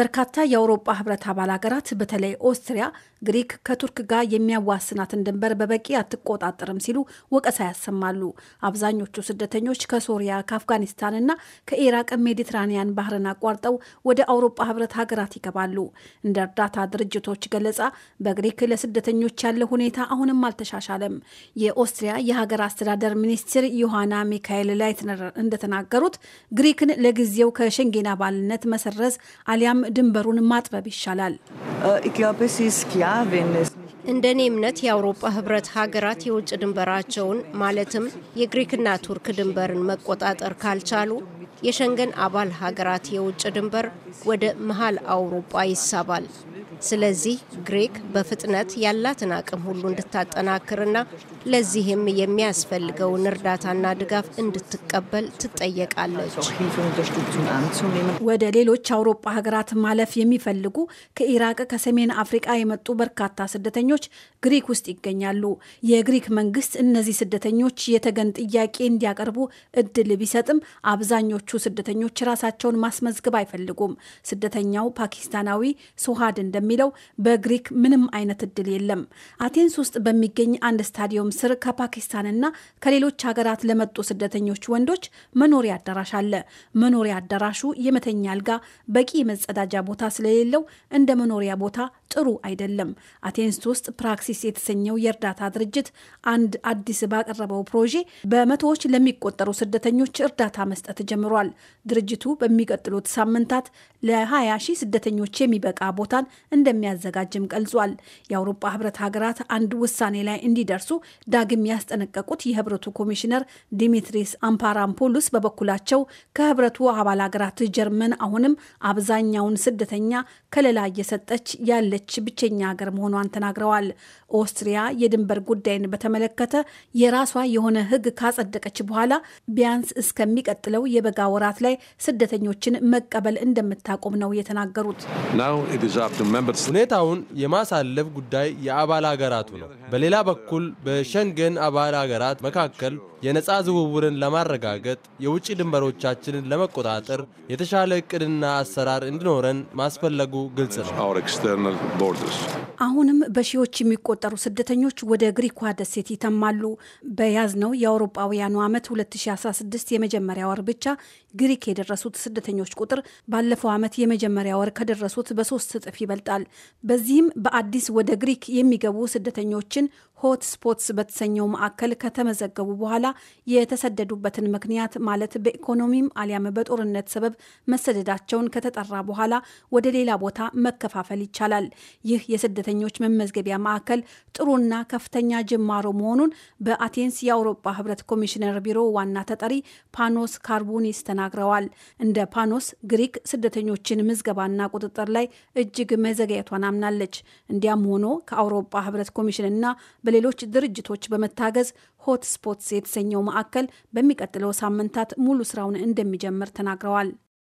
በርካታ የአውሮፓ ህብረት አባል ሀገራት በተለይ ኦስትሪያ ግሪክ ከቱርክ ጋር የሚያዋስናትን ድንበር በበቂ አትቆጣጠርም ሲሉ ወቀሳ ያሰማሉ። አብዛኞቹ ስደተኞች ከሶሪያ ከአፍጋኒስታንና ከኢራቅ ሜዲትራኒያን ባህርን አቋርጠው ወደ አውሮፓ ህብረት ሀገራት ይገባሉ። እንደ እርዳታ ድርጅቶች ገለጻ በግሪክ ለስደተኞች ያለው ሁኔታ አሁንም አልተሻሻለም። የኦስትሪያ የሀገር አስተዳደር ሚኒስትር ዮሐና ሚካኤል ላይትነር እንደተናገሩት ግሪክን ለጊዜው ከሸንጌን አባልነት መሰረዝ አሊያም ድንበሩን ማጥበብ ይሻላል። እንደ እኔ እምነት የአውሮፓ ህብረት ሀገራት የውጭ ድንበራቸውን ማለትም የግሪክና ቱርክ ድንበርን መቆጣጠር ካልቻሉ የሸንገን አባል ሀገራት የውጭ ድንበር ወደ መሀል አውሮፓ ይሳባል። ስለዚህ ግሪክ በፍጥነት ያላትን አቅም ሁሉ እንድታጠናክርና ለዚህም የሚያስፈልገውን እርዳታና ድጋፍ እንድትቀበል ትጠየቃለች። ወደ ሌሎች አውሮፓ ሀገራት ማለፍ የሚፈልጉ ከኢራቅ፣ ከሰሜን አፍሪቃ የመጡ በርካታ ስደተኞች ግሪክ ውስጥ ይገኛሉ። የግሪክ መንግስት እነዚህ ስደተኞች የተገን ጥያቄ እንዲያቀርቡ እድል ቢሰጥም አብዛኞቹ ስደተኞች ራሳቸውን ማስመዝገብ አይፈልጉም። ስደተኛው ፓኪስታናዊ ሶሃድ እንደሚ ለሚለው በግሪክ ምንም አይነት እድል የለም። አቴንስ ውስጥ በሚገኝ አንድ ስታዲየም ስር ከፓኪስታንና ከሌሎች ሀገራት ለመጡ ስደተኞች ወንዶች መኖሪያ አዳራሽ አለ። መኖሪያ አዳራሹ የመተኛ አልጋ፣ በቂ የመጸዳጃ ቦታ ስለሌለው እንደ መኖሪያ ቦታ ጥሩ አይደለም። አቴንስ ውስጥ ፕራክሲስ የተሰኘው የእርዳታ ድርጅት አንድ አዲስ ባቀረበው ፕሮጄ በመቶዎች ለሚቆጠሩ ስደተኞች እርዳታ መስጠት ጀምሯል። ድርጅቱ በሚቀጥሉት ሳምንታት ለ20 ሺህ ስደተኞች የሚበቃ ቦታን እንደሚያዘጋጅም ገልጿል። የአውሮፓ ህብረት ሀገራት አንድ ውሳኔ ላይ እንዲደርሱ ዳግም ያስጠነቀቁት የህብረቱ ኮሚሽነር ዲሚትሪስ አምፓራምፖሉስ በበኩላቸው ከህብረቱ አባል ሀገራት ጀርመን አሁንም አብዛኛውን ስደተኛ ከለላ እየሰጠች ያለ ያለች ብቸኛ ሀገር መሆኗን ተናግረዋል። ኦስትሪያ የድንበር ጉዳይን በተመለከተ የራሷ የሆነ ሕግ ካጸደቀች በኋላ ቢያንስ እስከሚቀጥለው የበጋ ወራት ላይ ስደተኞችን መቀበል እንደምታቆም ነው የተናገሩት። ሁኔታውን የማሳለፍ ጉዳይ የአባል ሀገራቱ ነው። በሌላ በኩል በሸንገን አባል ሀገራት መካከል የነፃ ዝውውርን ለማረጋገጥ የውጭ ድንበሮቻችንን ለመቆጣጠር የተሻለ እቅድና አሰራር እንዲኖረን ማስፈለጉ ግልጽ ነው። አሁንም በሺዎች የሚቆጠሩ ስደተኞች ወደ ግሪኳ ደሴት ይተማሉ። በያዝነው የአውሮፓውያኑ ዓመት 2016 የመጀመሪያ ወር ብቻ ግሪክ የደረሱት ስደተኞች ቁጥር ባለፈው ዓመት የመጀመሪያ ወር ከደረሱት በሶስት እጥፍ ይበልጣል። በዚህም በአዲስ ወደ ግሪክ የሚገቡ ስደተኞችን ሆት ስፖትስ በተሰኘው ማዕከል ከተመዘገቡ በኋላ የተሰደዱበትን ምክንያት ማለት በኢኮኖሚም አሊያም በጦርነት ሰበብ መሰደዳቸውን ከተጠራ በኋላ ወደ ሌላ ቦታ መከፋፈል ይቻላል። ይህ የስደተኞች መመዝገቢያ ማዕከል ጥሩና ከፍተኛ ጅማሮ መሆኑን በአቴንስ የአውሮፓ ህብረት ኮሚሽነር ቢሮ ዋና ተጠሪ ፓኖስ ካርቡኒስ ተናግረዋል። እንደ ፓኖስ ግሪክ ስደተኞችን ምዝገባና ቁጥጥር ላይ እጅግ መዘግየቷን አምናለች። እንዲያም ሆኖ ከአውሮፓ ህብረት ኮሚሽንና በሌሎች ድርጅቶች በመታገዝ ሆት ስፖትስ የተሰኘው ማዕከል በሚቀጥለው ሳምንታት ሙሉ ስራውን እንደሚጀምር ተናግረዋል።